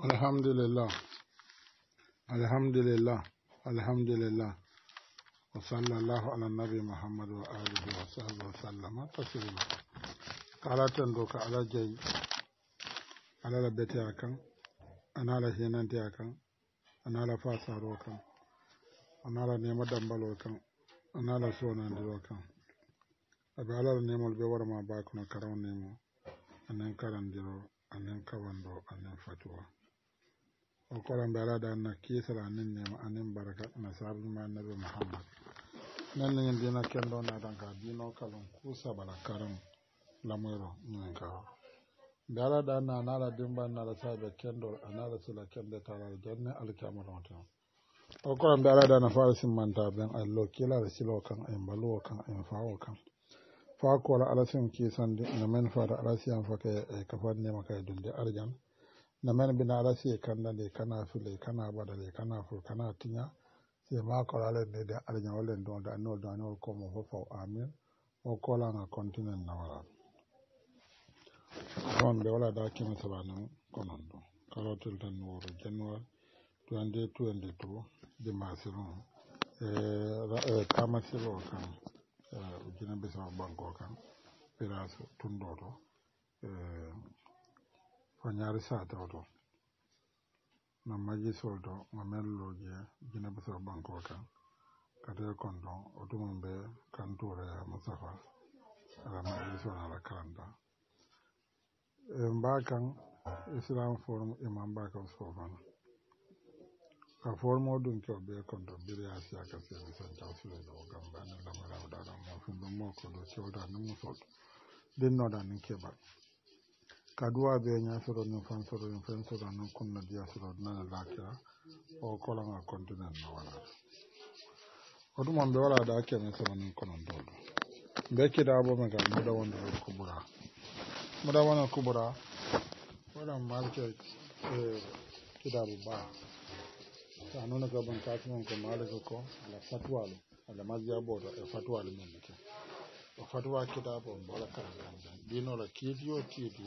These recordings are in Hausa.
alhamdulillah alhamdulillah alhamdulillah wa sallallahu ala nabi muhammad wa alihi wa sahbihi wa sallama taslima kalatan doka ala jayi ala la rabbati akan ana la hinanti akan ana la fasa rokan. ana la nema dambalo akan ana la sonandiro kan abe ala la nemol lbe warma bakuna karaw nemo anen karandiro anen kawando anen fatuwa o koran ɓe na anna kiisala anin nema anin baraka na saabinma annabi muhammad. nan na kyan kendo don ka na kalon kusa sabala lamuro lamoyro ñinen ka ɓe alaada anna anaala dimba annaala saabe da kyan da kende taalaala janne alkiamalon ten o koran da alaada na faala simmanta ɓen allo da siloo kan en mbaluwo kan en faawo kan faa koola alasin kisan da men faata alasiyan fake e kafannima kaye dunde arjan na men bina ala siye kanda le kana file kana bada le kana fur kana tinya siye ma kola le ne da ala nyawa le don da no da no ko mo ho fo amin o kola na continent na wala don be wala da kimi sabana konon do kala tul tan woro januar 2022 de masiro e kama silo kan e jina bisa banko kan piraso tundoto e fañaari saatoo to no majisol to ŋa mello je jinabisol banko kan kate konton o tumum be kanturaya musafa ala majisol ala karanta mba kan islam forum imam kan ka formo ɗum ke o be konto biriyasi aka seni san jawsuleɗo o gam bane lamarawɗaɗa mo fimɓe mo ko ni musol kaduwa be ñasoro ñin fansoro ñin fensoro nun kunna diyasoro nana lakira o kolanga continuen no wala o ɗum on ɓe walada kene sono nin konon dolɗo be bo me gal da wondoro kubura da wona kubura waɗan malke eh, kidabo ba sa nuna gaban kasimon ko malika ko ala fatwalu ala masjaboto eh, e fatwalu men ke o fatwa kidabo bo mbola kala kamjan ɗinola kiidiyo kiidi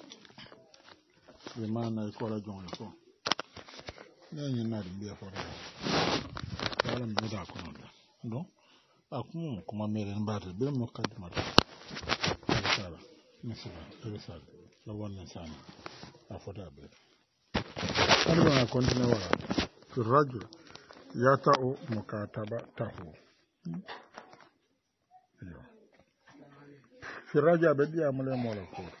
ɓe manayi kola jongo fo neñinnade mbiya fota wala mbiɗa kono ɗa donc a kumum kuma meɗen mbade ɓen mo kaddumata eresara misila eresare no wonno sani a fota ɓeeɗo alwana continue wala fi rajul yata'u mokataba tahu fi rajul aɓe mola koto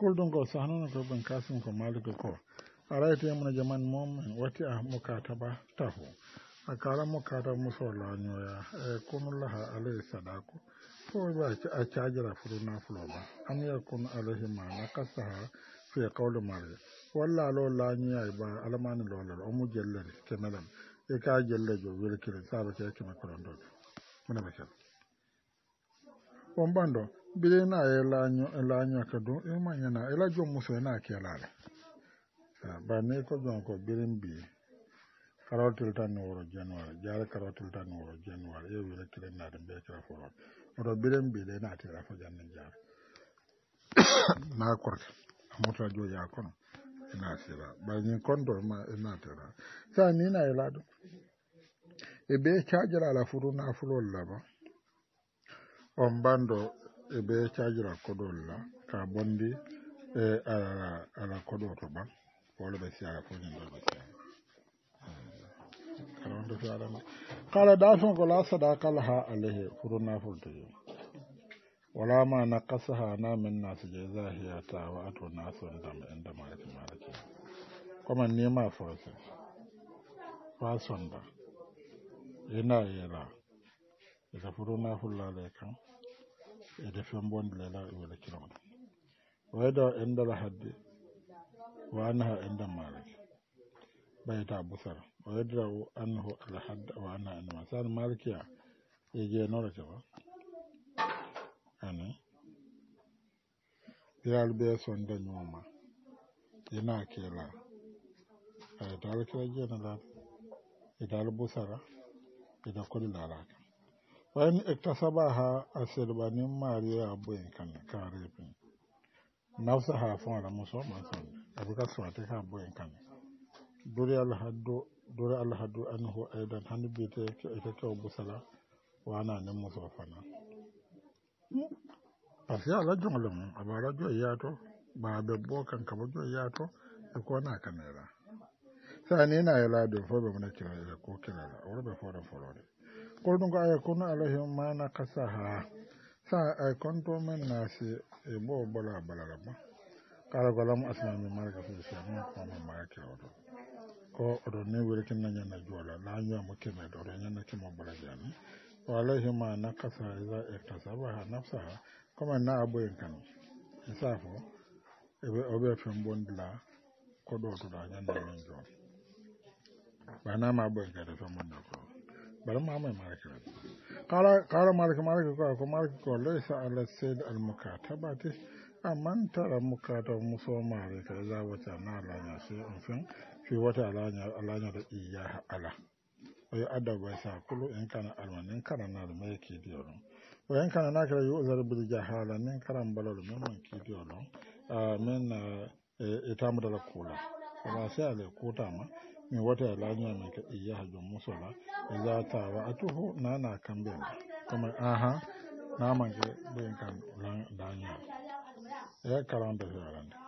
kol ɗum e, ko sahnano to ɓen kasim ko maliko ko arayte mona jaman mom wati a mukata kataba taho a kala mo kataba muso lañoya e kono laha alayhi sadako ko ɓe a furu na cajira ba an am kunu alayhi ma na kasa ha fi qawle mari walla alo nyoya ba alamani mu jelle jellere kemelan e ka jo welkire saɓa ke keme kolondoɓe mona ɓe ombando bile na ela anyo ela anyo kado e manya na ela jo muso na kela le ba ne ko jon ko birin bi karotil tan woro january jara karotil tan woro january e wele kile na dum be kira foro oto birin bi le na tira fo janne jara na korte amota jo ya kono ina sira ba ni kondo ma ina tira sa ni na ela do e be chajara la furu na furu laba on bando e be cajira kodol la ka bondi e ala ala koɗo to ɓan wala ɓe siyara fof ñindol ɓe siyara karonde to aɗande kala dafon ko la sadakala ha alahi alayhi furnafoltoyum wala ma naqasaha na min nas je ta wa ato nasu ndam inda malaki malaki kuma nema forse fasonda yana e yela ita e furu na fulla da kan ede fen bonde lela e wala kiram wayda endala hadde wa anha enda malik bayta busar wayda o anho al had wa anha an masan malikia e je nora e jaba ani yal be son da nyoma ina kela ay dalaka je na la e, e dal e busara e da kodi dalaka saba ha wayin iktasabaha asirbanin a boyin kan karefin nafsa hafon da muso masan abika swati ha boyin kan duri alhaddo duri alhaddo anhu aidan hannu bita ita kyau busala na ne musu. fana asi ala jongolem to ba a babe bokan kaba jo yato e kona kamera sani na yala e do fobe mona kila e ko a la bai be fora forore ko ɗum ko ayakunu alayhim ma nakasaha sa ay konto men naasi e bo bola balala ma kala ko lam asma mi maraka fo sa ma ko ma maraka oto ko oto ne wuri kin nanya na jola na nya mo kin na do nya na kin mo bola jani wa alayhim ma nakasa iza iktasabaha nafsaha kama na aboyin kan isafo ebe obe fen bondla otu da nya na men ba na ma aboyin kan da fen bondla ko bari ma mai malaka kala kala malaka malaka ko da malaka ko ba ta sayd al mukatabati amman tara ta muso mare ka za wata na lanya sai in fin fi wata lanya lanya da iya ala wai bai sa kulu in kana almanin kana na da mai ke biyo in kana na kira yuzar bil jahala min karam balal min man ki diolo ah, min eh, ita mu dala kula ba sai ale kota ma min wata ya e lanya mai ka iya e hajjon musula e za ta wa a tuhu na na kan bin kuma aha na man ke bin kan lanya ya karan da fiyaran da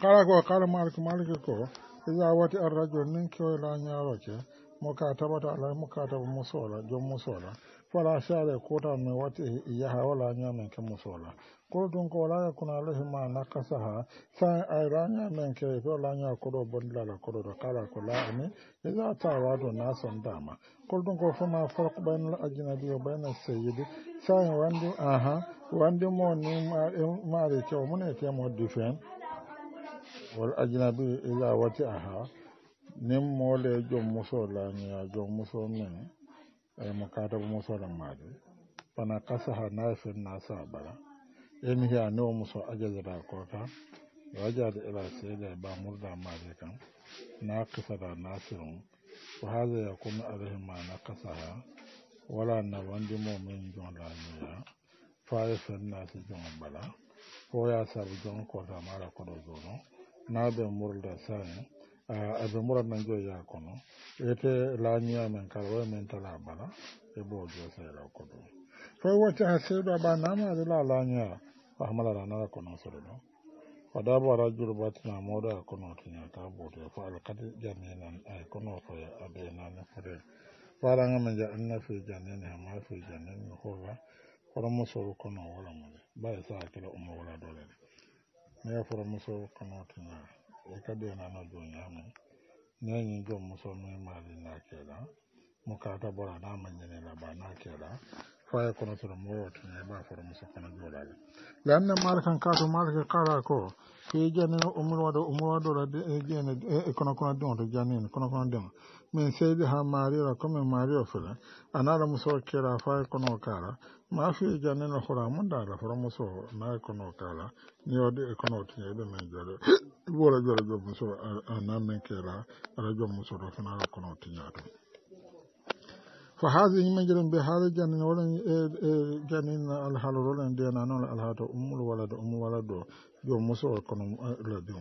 kala ko kala malik malik ko za wata an rajo nin kyau ya lanya wace muka tabbata alai muka tabbata musula jon musula fala sare kota me wati iyaha wala nyame ke musola kolo dun ko wala kuna lehi ma nakasaha sa airanya men ke wala nya kodo bondla la kodo do kala ko la ani iza ta wado na son dama kolo dun ko fama farq bainal ajnabi wa bainal sayyid sa wandi aha wandi mo ni ma ma re ke mo ne ke mo difen wal ajnabi ila wati aha nim mo le jom musola ni jom muso men so musola eh, maɗum fana kasaha nasa na sabara in hiya ne o muso da kota da ila da ba murda maɗe kan na kasada nasirun ko haza ya kuma ma na kasaha wala na wandi momin jon lamiya fare fennasi jon bala ko ya sabu jon kota mara koɗo na bin murda sani aɓe ah, murat men joyi yaa kono ete laañiya men kala way men tala bala e ɓo jo seyla ko ɗum foy wacce ha na aɓa namade la laañiya ahmalara nara kono soro ɗo wada bo ara juro batina moɗo a kono tiñata ɓooto fo alkadi jaminan ay kono foye aɓe nane fore faranga men ja anna fi jannene hama fi jannene hoga kono musoro kono wala mude baye sa kila umma wala dolede mais foro musoro kono tiñaa e ka denano duniya men neñin jom musolmin maali na keeɗa mo ta bora na mañinela ba na keeɗa faye kono toro mo wotone ba foro muso kono joɗale lanne malikan kato ka kala ko fi jani umur waɗo umur waɗora jene kono kono ɗum to janini kono kono ɗum min seydi ha marira commin mario fula anara muso kira faye kono kala ma fi janino hora mum dala foro muso nayi kono kala ni waɗi kono tiñe men joɗe ɗuɓo radio radio mosor anan men keera radio mosor o fana ala kono tiñato fo haade yimen jeɗen mbi haala jannin waɗan e, e jannin alhaala roɗen ndiyana noon alhaa to ummol walade ummo walade ɗo jom mosor kono ladi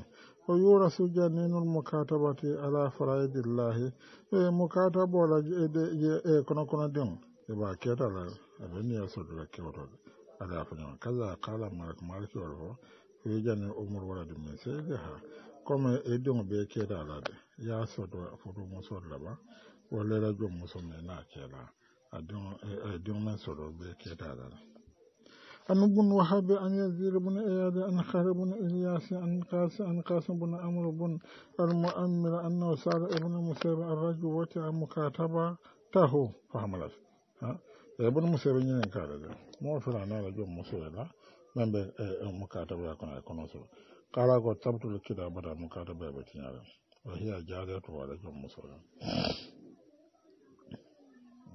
o yura su janni noon mo katabati ala faraidillahi e mo kataboola e, e, e kono kono din eɓa ketala aɓeniya sodira kewtoɓe ala foñoma kala kala malik malik yoro fo yegane umur wala dum se ga ha comme e dum be ke dala de ya so do fo do mo so la ba wala la dum mo me na ke a dum e eh, eh, dum me so do be ke dala bun wahab an yazir bun ayad an kharab bun ilyas an qas an al mu'ammir an sa'd ibn musab ar rajul wa ta mukataba tahu fahamlas ha ibn musab ni da mo fara na la dum men ɓe eh, eh, mukataɓe akono kono soro kala ko tabtude kiɗa bata mukataɓe ɓe tiñare o hiya jaade to waɗa jom musoɗen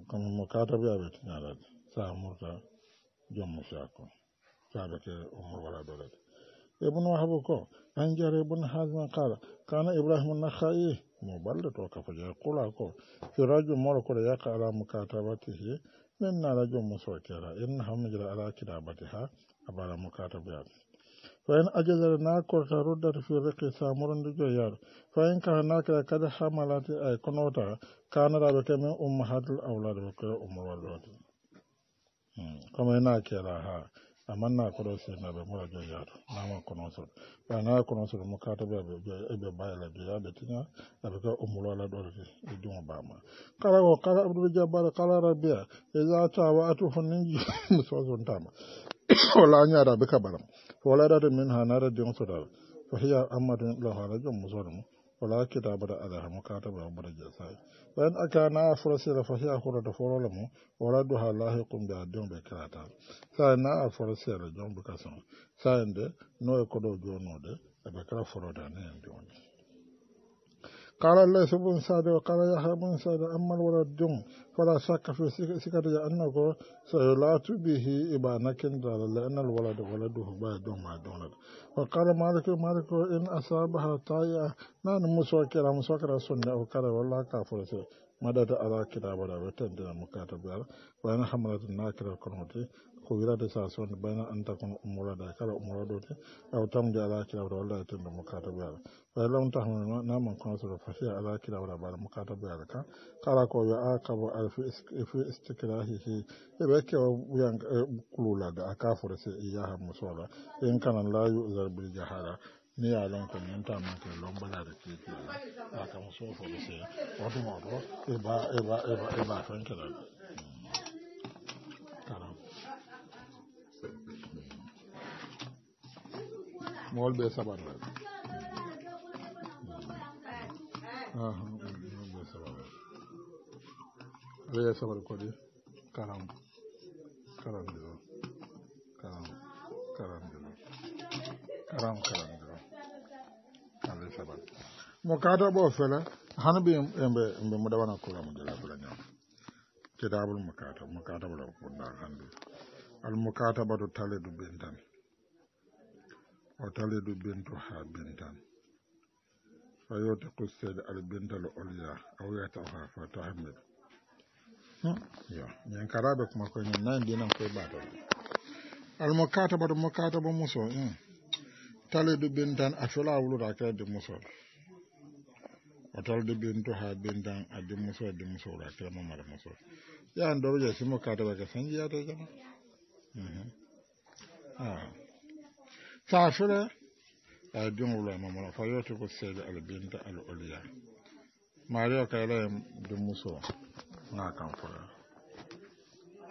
kono mukataɓe aɓe tiñarade sa murta jom musako saɓe ke umr wala dolede ابن وهب كو عن جرير بن حازم قال min na rajin musu kira in hamu jira ala kira bata ha a mu ka ta biya fa in ajizar na kurta rudar fi rike samurin da joyar fa in ka na kira kada hamala ta a kunota ka na rabu ta min umma hadul aula da bakar umarwar kuma yana kira ha na su na sennaɓe mura joyyaɗo su konosol ɓana konosol mo kataɓe aɓe eɓe da joyaɓe da aɓe ka umulola ɗorete ba jumo bama kala o kala abdoul da kala rabia e yatawa musu fonnin ta ma wala bi ka bala wala walaɗata min ha da dion sotaɓe fo da ammadun lahu ala joom musoɗo mu wala kita bada alaha mukata ba bada jasai bayan aka na afurasi da fasiya kura da forola mu wala duha lahi kun bi adon be karata sai na afurasi da jon bukasan sai da no e kodo jono de e be kara foro da ne en قال الليث بن سعد وقال يحيى بن سعد أما الولد دون فلا شك في سكرية أنه سيلات به إبانا كندال لأن الولد ولده بعد ما دون وقال مالك مالك إن أصابها طايا نان مسوكرة مسوكرة سنة وقال والله كافر مدد على كتاب ولا وتندنا مكاتب وأنا حملت الناكرة كنوتي ko wirade sa sonde bayna anta kono ummorade a kala ummorado te aw tamde ala da walla e tende mo katabe ala way lam tahmilma naman consolo fasiya ala kilawra bara mo katabe ala ka kara ko yo a kabo ala fi istikrahihi wuyan eh, kulula da aka a sai iya ha musola en kanan la yusar bil jahala ni ya lan ko min ta man ke lon bala da ke ke aka ka so fo sai wato ma to e ba e ba e ba e ba fanke da mool ɓe saɓalla ɓe saɓalla ɓe saɓal kodi karam karandiro karam karandiro karam karandiro kamɓe saɓal mo kaata ɓo fela hano ɓe ɓe mu mo ɗawana kulamu jala fela ñam kitabul mo mu mo kaata ɓola fundal hande al mo kaata tale du ɓen o taledu bintu ha bintan fayota kussede ala bintal olya hmm. karaɓe kuma hmm. bintan a bintu ha bintan muso muso muso simo kataba hmm. ah. saafira aye diŋolu ama mola fa yewti ko seede ala binta ala oliya mario ka ela ye di muso ŋa kan fora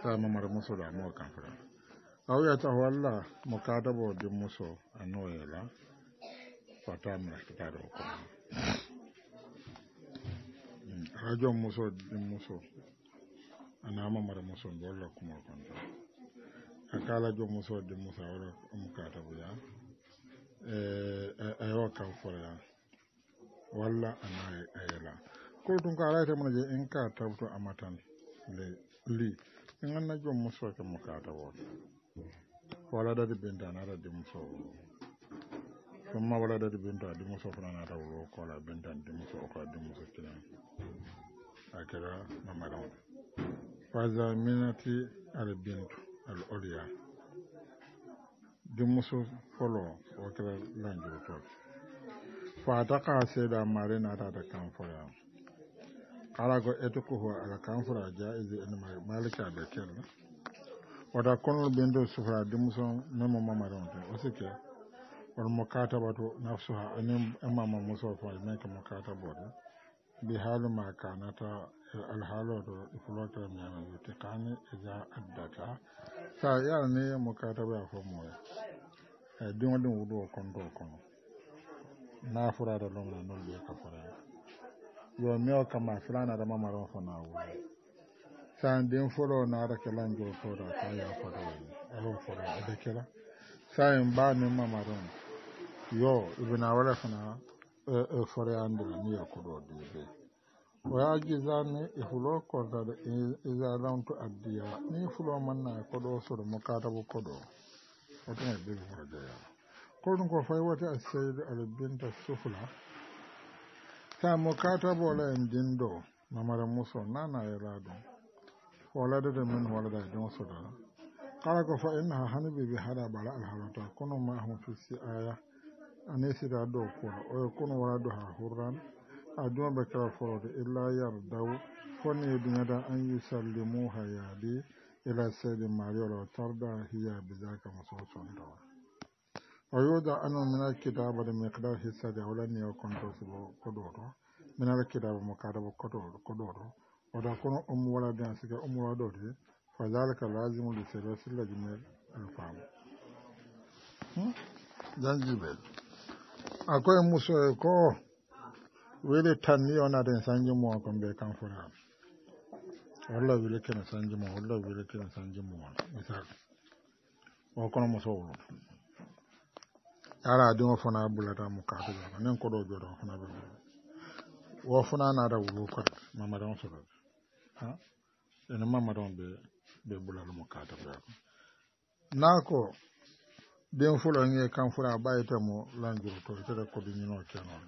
saa mamara muso da moo kan fora aw yeta walla mo kaadabo di muso a nooye la fata mina kitaado o kono radio hmm, muso di muso anaa mamara muso ndoolla kumol kontoo a kala musa musodde musawra omo katabuya eh, eh, eh, a ayo kan foroya wala ana a ko tun ka ko alayte mona je in ka tabto amatan le li en anna jom ka mukata katawoto wala da binta na da muso kuma wala da binta di muso fana nata wulo ko bintan di muso ko di muso kilan a kira mamaɗan fazaminati al bintu al'olya denmuso fɔlɔ o kɛra lanjurutɔ fata ka ta mare natata kanfoya ala ko eto koho ala kanfora jaize enema malika da kella wata konol ɓen ɗo sufra denmuso memo mamaronte o sikke won mo katabato nafsuha anin emama musol fa men ko kata kataboto bi makana kanata da alhaaloɗo fulotoñama yuti kani eja addata sa yara ni mo kataɓa fo moya eyi ɗigo ɗum wuɗu Na fura da nafurade lomna noon biya ka forema yo mi o kamma filanade mamaron fona wuuri san ɗin folo naarake lanjol toɗa sa yafotooni alon folo ede kela sayin mbamin mamaron yo ibina wala fana eh, eh, ya andira ni ya yakkuɗo ɗiɓe waajizaanne e fuloo kordade isalamto addiya ni fuloo manna e koɗoo soɗo mo kaatabo koɗoo otoma bigoojeya koɗum ko fay wote aseydo ala binta sufla sa mo kaataboola en dindo namara muso nana yalaa e ɗum walladede min wallada e ɗoo soɗa kala ko fa inna ha hani bibi haɗa ɓala alhalata kono ma ahmo fisi aya anisita dow kuwa oyo kono wala do ha hurran aduma ɓe kala foroto illa yardaw fon yeɗumeda an yusallimuha yaadi ila seydi mariolo tarda hiya bidaka mo sosondowa da yuda anu minal kitaba de miqdar hissade awlani fa dan jibel ko wele tanni onaten sanjimo o kon be kan fura walla wele kene sanjimo walla wele kene sanjimo on misal o kono mo sowlo ala adin o fana bulata mo kaatoɗo nen koɗo joɗo fana ɓe wo fana naata wuro koye mamadan soɗoɓe ha ene mamadan ɓe ɓe bulata mo kaatoɓe na ko ɓen fuɗon e kan fura ɓayta mo lanjuroto tede koɓe ñino kenoɗo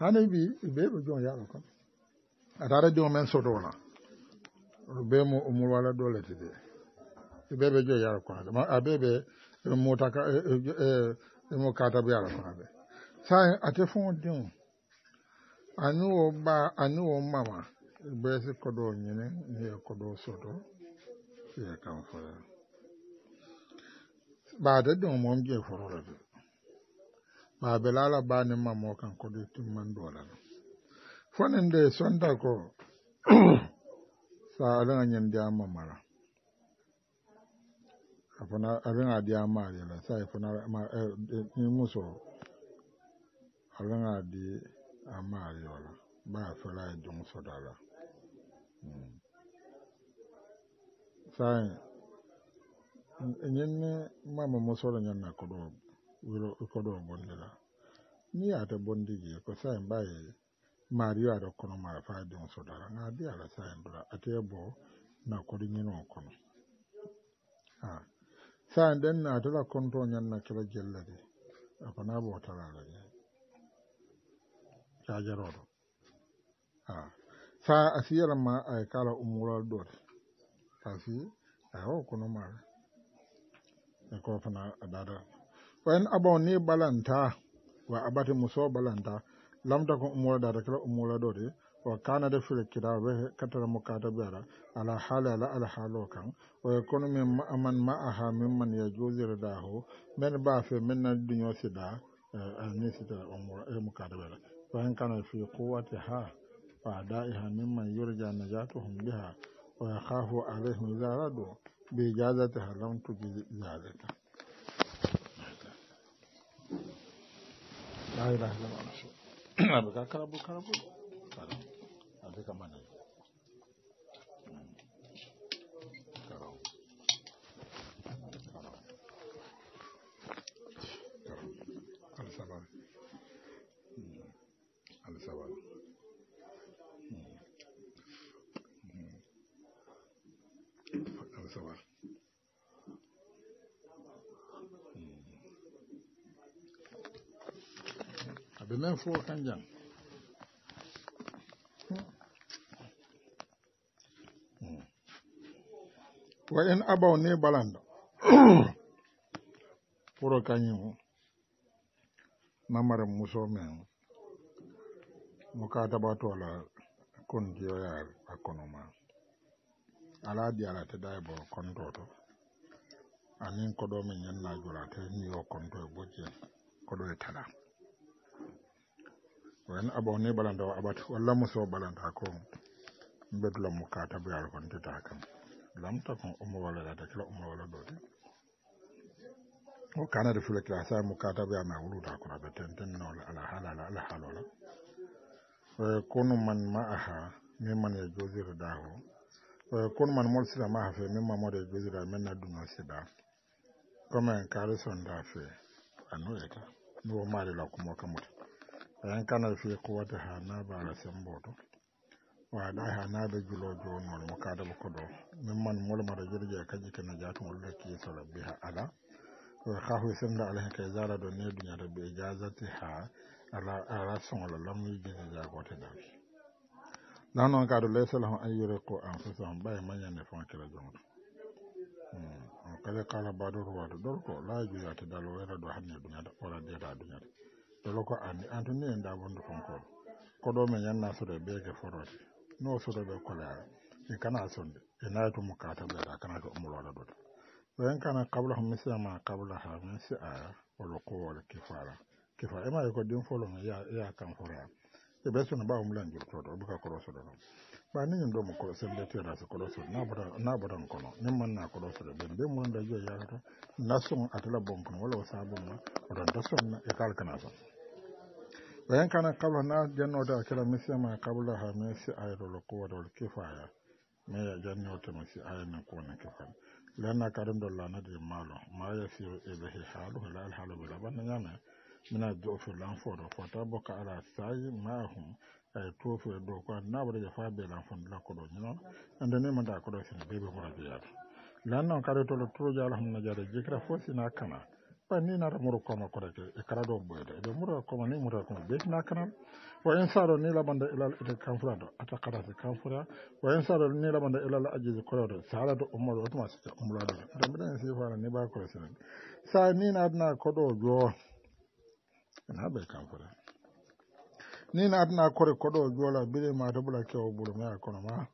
ha bi ɓe ɓe jon ya kam atara men sotola ɓe mo umur wala dolete de ɓe ɓe jo yaɗo konaɓe ma aɓe ɓe motaka e, mo kataɓe yaɗo konaɓe sa ate fon diŋo ani wo ba ani wo si mụ je ma baa bani ma mo kan ko de tum man dola fonen de sonda ko sa ala nyen dia ma mara afana ala nga dia ma ya la sa afana e ma e, e, ni muso ala nga di ama ya la ba fala jong so dala hmm. sa nyen ma mo so la nyen na ko wuro bondira ni ata ko sayin mbaye mario aɗa kono ma fa jon sodara ga bi aɗa sayin dura ate bo na koɗo ñino kono a sayin ɗen na atala konto ñanna kela jellade akona bo talala ñe cajaroɗo a sa a siyarama ay kala umurol ɗote kasi awo kono mara e ko fana a dada wani abon ne balanta wa abati muso balanta lamta takun umura ta kira umura dole wa kana da fil kitabe katara mukata bara ala hala la ala halo kan wa yakunu min man ma'aha mimman yajuzu dahu min ba fi min dunyo sida eh, eh, ni sida umura eh, mukata bara wa in kana fi ha wa da'iha mimman yurja najatuhum biha wa yakhafu alaihim zaradu bi ijazatiha lam tujiz zalika la ilaha a duka ɓe men fof kan jan hmm. wa en abaw ne balanɗo puro kañum namara muso men mo kataba tola kondiyoyar hakkono ma ala di anin koɗo min ñannajura te niyo konto e bojje wen aba ne balanta wa aɓata walla muso balanta ko mu mo kataboyal kon ta kam lamta kon umma wala lata kila umma wala walla ɗote o kanade fula kila mu mo kataboya ma wuluta kono aɓe tentenninola ala halala ala halola e, kunu man Maaha ma aha mimman e josirda o kunu man mol sila ma ha fe mimma mode e josirda min nadduno sida comme en kaali sonda fe annoyeta nuwo maali la kumo kamuta en kana fi quwwati ha na bala sembodo wa da ha na da julo jono mo ka da ko do min man mol mara jirje ka ji kana ja to wala ki sala biha ala wa kha hu sunna ala ka zara do ne dunya da bi ijazati ha ala ala sun ala lam yi ji da ko ta da na non ka do le sala ha ayre ko an fa sa ba ma nya ne fon kala jono on hmm. kala kala badur wa do ko la ji ya ta dalo era do hanne dunya da ora de da dunya da dolo ko ani anto ni e e da wondo konkol ko ɗo min yanna suɗo ɓeege forode no suɗo ɓe kolare i kana sonde e naytumo kataɓeeɗa kana ko umroɗa ɗoɗa ɓen kana kabla ho misilama kabla ha min si aya wolo kowole kifara kifa ema e ko ɗin folon ya ya kan fora e ɓe sona ɓawa mulan jurtoɗo oɓe ka korosoɗo ɗon ɓa niñum ɗo mo ko sembeteɗa so korosoɗo naɓotan kono nin manna korosoɗo ɓen ɓe murda joyi yakata nasson atala bon kono walla o sabon ma oɗon ta sonna e kalkana son wayan kana kala na jannota a kira misi ma kabla ha misi a yaro ko da kifaya ya jannota misi a na kifaya lanna karim do lana de malo ma ya fi ilahi halu la al halu bila ban nyame mina do fi lan do ko boka ala sai ma hum ay to fi do na bare fa ko ne ko kare ɓan ni nata muro koma koreke e kala ɗo ɓoyde eɓe muro koma ni muro koma ɓeytina kana wa in saɗo ni labanda ilal ite fura ɗo ata kan fura wa in saɗo ni la labanda ilal ajiji kora ɗo sara ɗo ummoɗo otuma sika umlaɗo ɗo fa sifana ni ɓa kore sinen sa ni na natna koɗo n'a ena kan fura ni na natna kore koɗo joola biri ma to ɓula kewo ɓuuro ma kono ma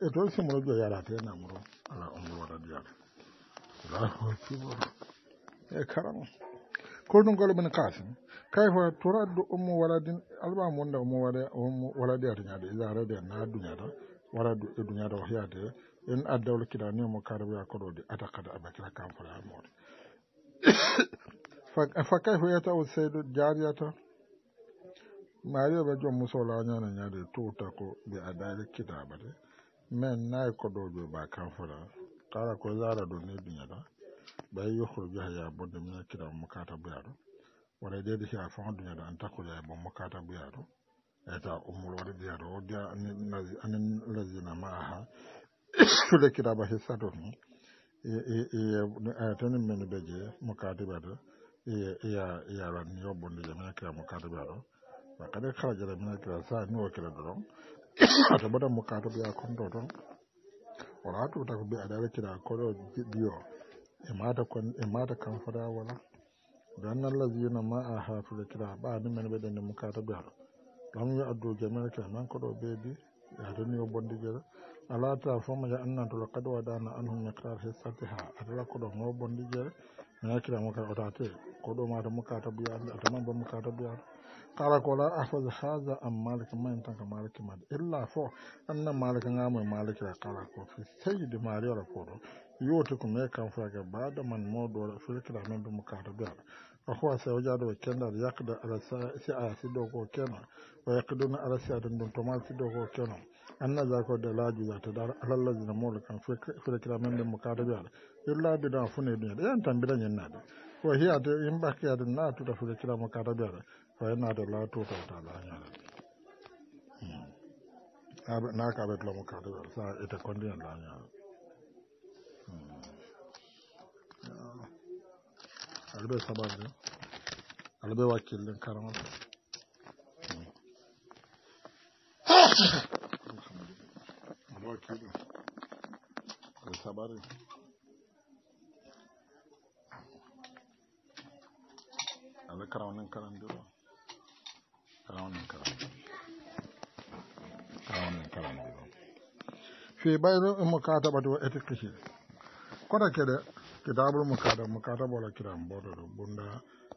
e toon simuro jo yarate namuro ala umro radial Allahu akbar Eh, karam kolɗum gole bani kasim kay ho turaddu ummu waladin albamu wonde ummu waladi ata ñaade ila arade na duñata waradu e duñata o heyade en addawla kiɗa ni mo kaara wiya koɗode atakada abakira kamfora moɗe fa kay ho yata o seydo jariyata mariya ɓe joom musola ñana ñaade tuuta ko ɓe adare kitabate min nayi koɗoɓe ba kamfora kala ko lara ɗo ni ɓay yohrujaha ya bodde mina kiram mo kata buyaɗo wala dede hiya fan duñaɗo an takkuja e bon mo kata buyaɗo eta ummol waɗa buyaɗo o dia anin lazina ma aha sude kiraba hissato ni ayatanin meni ɓe je mo kati ɓeɗo yaran yo bonde je mina kira mo kata ɓeɗo wa kadi harajara mina kira sa ni o kira doron ata boɗa mo kata ɓeya konto ton wala tuta ko ɓe aɗa ara kira koɗo biyo imada kan fada wala ranar lazi na ma'a hafi da kira ba ni mai bada ne muka ta gara don yi a doge mai kai nan kudu bebi ya da ni obon da gira alata fa mu ga annan to lokacin da wadana an hun ya fi sati ha a da kudu mu obon da gira mai kira muka ta ce kudu ma da muka ta biya da ta man ba muka ta biya kala a la afa da haza an malikin mai tan ka malikin ma illa fa annan malikin ga mai malikin kala ko sai da mariyar kudu yotukum ye kan fage da man da firkira men ɗum kaata duyat o howa sewo jaade o kendade yakda ala si aya siddo ko kena o yakkiduna ala si aden dogo kenan an na zakar da laji za ta da dar alallajina moɗo kan firkira men ɗum kaata duyat yo laabiɗa fune ɗumyaɗa yan tan yin ñinnade ko hiya da da da yin baki biyar hiyade yimɓakkiyade natuta firkiramo ta duyata fayenade laatuta taala ñalade hmm. naka aɓe tulomo da biyar sa ita ete da lañalade albe sabaje albe wakilin karamar wakilin sabaje albe karamar karan duro karamar karan karamar karan duro fi bayan in muka taɓa da wa etikishi kodake kitabul mukadam mukadam wala kiram boɗo ɗo bunda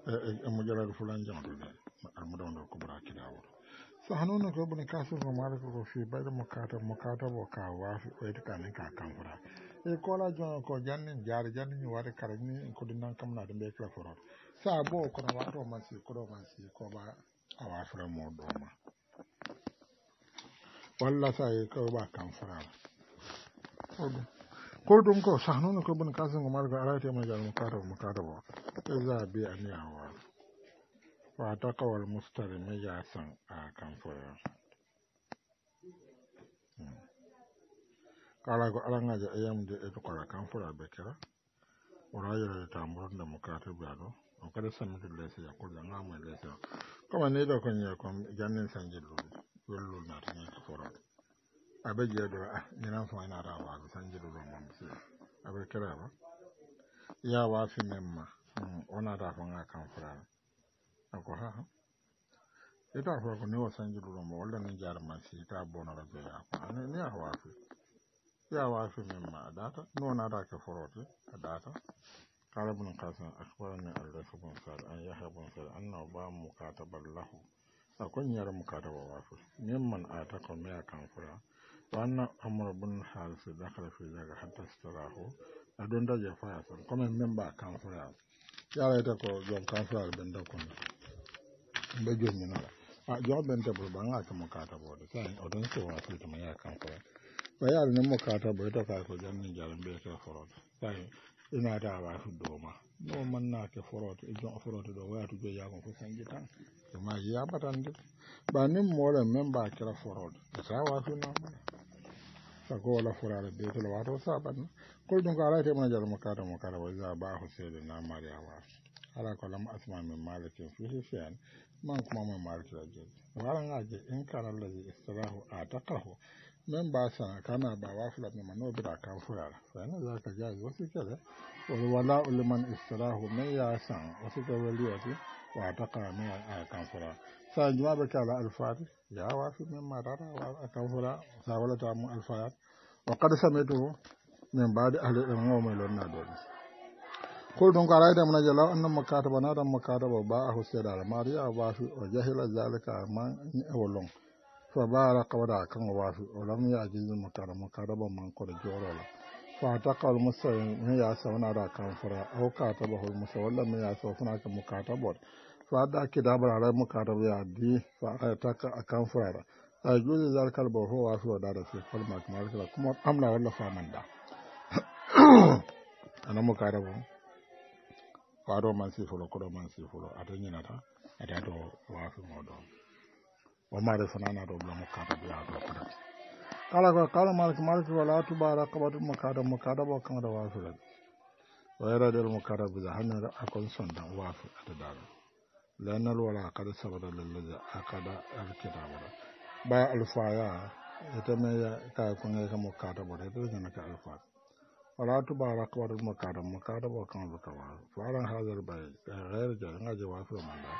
e eh, eh, eh, mujalal fulan jamɗude almudan ɗo kobra kitabol so hanono ko bune kasurno malako ko fi bayɗo mukadam mukadam o ka waafi oyti kanen ka kan fura. e kola jono ko janni jaari janni mi waɗi kara ni na kamnaɗe mbe kila forot sa bo kono wato man si koɗo man si koɓa a waafira mo ɗoma walla sa e, ko ɓa kamforala oɗum ko ɗum ko sahnono ko boni kasingo margo aratema jal mukadaba mukadaba o isa bi aniyawa wa kawal mustari ya san a kanfoyo hmm. kala ko alangaje eyamde kira ora kanfora ɓe kera da yorede tamburode ba do o kada samito leyse yakkude angamoe leyse o comme ni ɗo ko ñe ko jannin sanjillu wellul nata ñeko forode abe jeeɗo ñinan fo ena rawaɓe tan jiɗoɗo mum ba ya wa fi nemma ma wonata mm, fo ga kan furana ko ha ita a ko ne wa san jiɗoɗo ni jarman si ta bonora ne ne a wafi ma a data ni a data قال sa an أخبرني الليث بن سعد أن يحيى بن a أنه باع مكاتبا له أكون يرى مكاتبة a kan wannan amur bin halsu da karfi daga hatar straho a don daje fayasan kwamen memba a kan fayas ya rai ta ko jon kasuwa bin da kuma bajo nuna ba a jon bin da bulba an ake muka ta bode sai a don su wasu ta mai a kan fayas ba ya rinin muka ta bude ta kai ko jan nin jalin bai ta furot sai ina da ba su doma noman na ta furot ijon furot da waya tuje ya kun kusan gitan da ma ya batan duk ba nin more memba kira furot da sawa su na mai sako wala furare be tolo wato saban kol dun ko te mun jaru makata mo kala wa za ba hu sai na mariya wa ala ko lam asma min malikin fi fiyan man kuma mai maliki da je waran aje in kana lazi istirahu ataqahu men ba sana kana ba wa fula min mano bira kan furare sai na zaka ja wasu kele wala ulman istirahu men ya san wasu kawali wati wa taqa min a kan furare sa juma ɓe kala alfati yawa fi min matata akan wala sawalata mu alfayat wa kad samituhu min mbadi ahli ɗen ngomoy lonna ɗon kul dun ko arayde mona jalaw annan mo na naɗan mo kataba ba ahu seeɗala mariya fi o jahila zalika ma ewo long fa bara kawada kan fi o lam yajizi mo kara mo kataba man koɗo la fa takal musa ne ya da kan fora aw kataba hol musa walla ne ya saw fana ka mo katabol fada kida barara muka rabu ya di fa ayataka akan furara a juzi zarkar bahu wa su da rafi kalma kamar kala kuma amna wala faman da anan muka rabu faro man si fulo kudo man si fulo atan yana ta ada to wa su modo wa mare sanana do bla muka ya do kada kala ko kala malik malik wala tubara kabatu muka da muka da ba kan da wa su da da muka rabu da akon son dan wa su da lanar wara a kada saboda lullu a kada arkita wara ba alfaya ita mai ya kai kun yi ka mukata ba ta yi zana ka alfa wara tu ba rakwar mukata mukata ba kan zuka ba faran hazar bai rayar da yana ji wa fiye da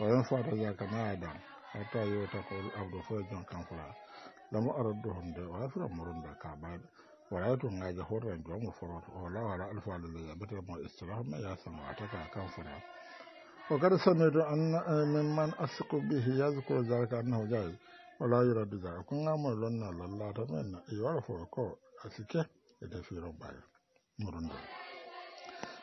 wayan fata ya kama ya dan a ta yi wata kawai abu da fiye jan kan kula da mu arar da hundu wa fiye murin da ka ba wara tu nga ji horon jiwa mu furo wala wara alfa lullu ya bata mu istirahu mai ya sama ta ka kan وقد سمعت أن ممن أثق به يذكر ذلك أنه جائز ولا يرد ذلك كنا مولونا لله تمنى يعرف وكو أسكي يتفير بايا مرندا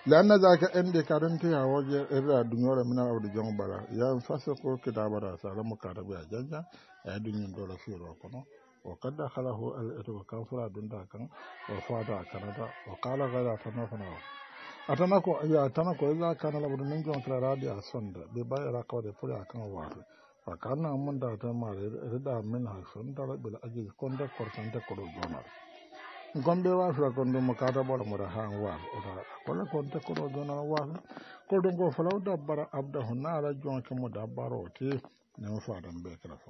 لأن ذاك عندي كارنتي هواجي إلا دنيا من أول جون برا ينفسق كتاب رأسا لما كتاب يجنجا أدنيا دولة في روكونا وقد دخله الإتوكان فلا دون داكن وفادا كندا وقال غدا تنفنا Atanako ya atana ko ya kana labu min jon kala radio sonda be ba ra ko de pura kan wa fa kana mun da ta ma rida min ha sonda la bil aji kon da ko tan da ko do jonar gombe wa fra kon do bora bol mo ha wa o da ko la kon da ko do jonar wa ko do go falaw da bara abda hunna la jon ke da baro ti ne mo fa dan be kala fa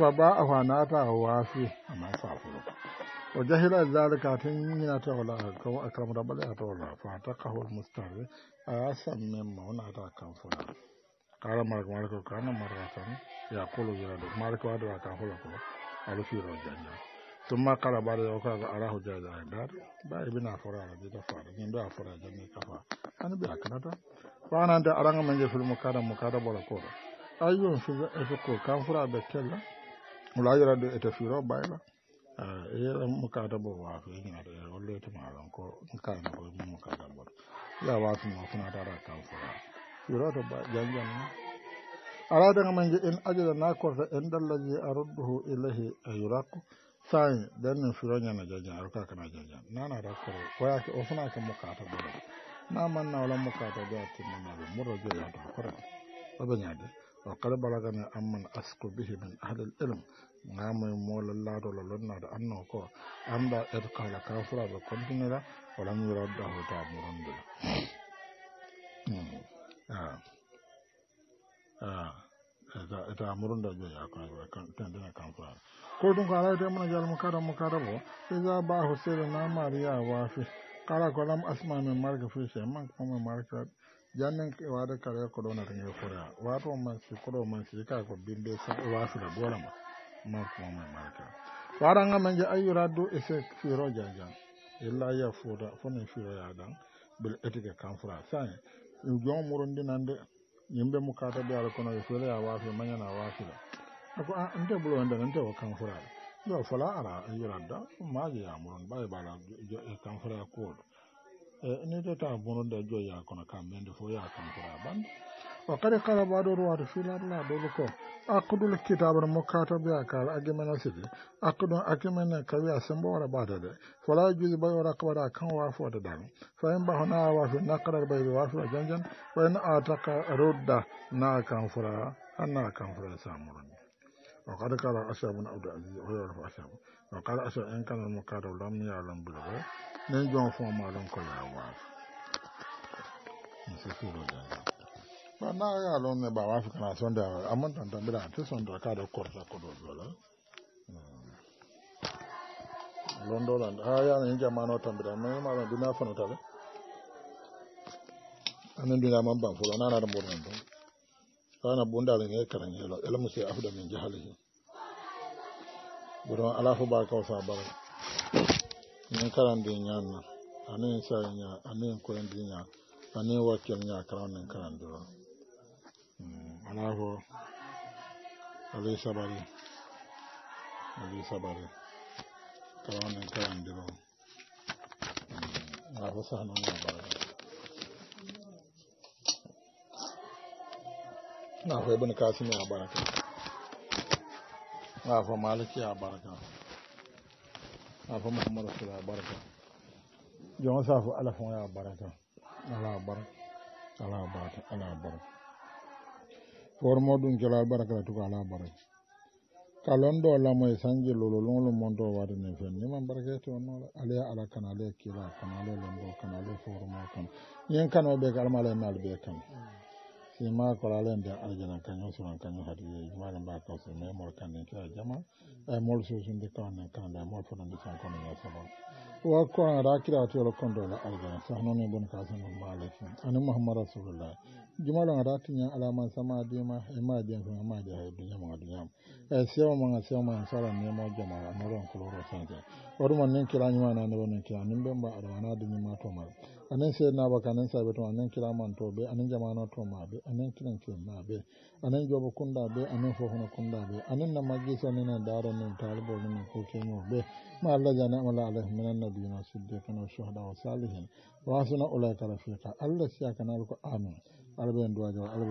fa ba a fa na ta wa fi amma fa fa o jahila zalika tin yana ta wala ko akram rabbal ya ta wala fa taqahu almustar asam mimma wana ta kan fura kala mar mar ko kana mar ratan ya kulu yira do mar ko adra kan hula ko alfi ro janya tumma kala bar yo ka arahu jaza dar ba ibina fura da da fara ni da fura da ni kafa an bi akanata wa nan da aranga manje fil mukada muka dabo wa yin da yaro le ta ko in ka na ko mun muka da bo ya wa su mu kuna da ta ko yoro da ba janjan in ajira na ko da in dallaji ilahi sai dan nan na janjan kana janjan na na da ko ko ya ta na man na wala muka ta da na da da ko ba babanya da wa qad balagana amman asku bihi min ahli ilm gamoye molallado lo lonnade anno ko anda hmm. ah. ah. eto kala kafuraɓe kontinira walam yuradda hoto amurondira ete amurunda ɓe yakoe kamfuraɓe ko ɗum ko alayte mona jalmo kada mo kada bo a baho seeɗa namariya waafi kala ko lam asma min marque fiche man komo marque jannen wade kala ko ɗonata nge fora wato man si koɗo man si ka ko binde sa wafira ma. marko mai marka faranga man ja ayu raddo e fe firo jajan illa ya foda fone firo ya dan bil etike kan fura sai in jom murundi nande yimbe mu kata be ala kono fele ya wafi manya na wafi la ako a ah, nte bulo nda nte wa kan fura yo fala ara ayu raddo ma ji ya murun bay bala kan fura ko e ne de ta bonon da jo ya kono kan mende fo ya kan fura ban wa kare kara ba do ruwa da fila na do ko akudul kitabar mukata bi akar agimena sidi akudun akimena kawiya sun ba da fala juzi bai wara kawar akan wa fo da da fa in ba hana wa fi na bai wa fi a ta ka rudda na kan fura ana kan fura wa kare kara ashabun abdu aziz wa yawar fa ashabun wa kare ashab in kan mukata lam ya lam bi da nan jon fo ma lam ko ya wa na ya lon ne ba wafi kana son da amman ta son da ka da korta ko do dola hmm. lon ah, ya no tan ma duniya fa no tale anan duniya man ban fulo na na da murnan don kana bunda da ne karan yelo ilmu sai afda min jahalihi buron alafu ba ka ne karan din yan ana ko alai sabari alai sabari kala wannan kayan diro na fasa hannun na bara na fa ibn kasimi a baraka na fa maliki a baraka na fa muhammadu sallallahu alaihi baraka jɔn sa fo ala fana y'a baara ala y'a ala y'a ala y'a wormo ɗum kelal la tuko ala barak ka londo lamoye sanje lololongolo monto wade ne fen niman barakete onnoɗa alaya ala kan alaya kiila kan alaya londo kan alaya forumo kan ñin kanoɓe ko almala kan naal ɓe kan ima koralen da arjana kanyo suran kanyo hadiye ima nan ba ka so mai mor kan ne kira jama e mor so sun de kan ne kan da mor fudan de san kan ne sabon wa ko an ra kira to lo kon do la arjana sa no ne bon ka san mun malaki anan muhammad rasulullah jumalan ra tin ya alaman sama de ma ima de ko ma de ha dunya ma dunya e sewa ma sewa ma sala ne mo jama na ron ko ro san de oruman ne kira nyuma na ne bon kira nimbe ba arwana dunya ma to ma anen seedna abaka anen saabe kira anen kiramanto be anen jamano to ma be anen kirankenna be anen joobo kunda be anen fofono kunda be anen na majjisi aninen daaro nin taalibolu nin kokemo be ma allah jani amala alayhim min annabiyina siddiqina wa shuhada wa salihin wa hasuna ulaika rafiqa allah siyakanal ko amin ala ɓen duwajo ala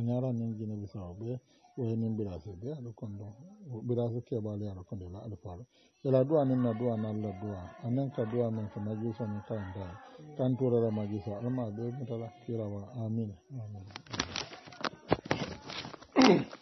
ma wohinin birase be aɗa kondo birase keɓali aɗa kondo la duwa nin na duwa nalla duwa anen ka duwa men ko majisa min kawndaya kan turara majisa alma ɓe mutala kirawa amina Amin.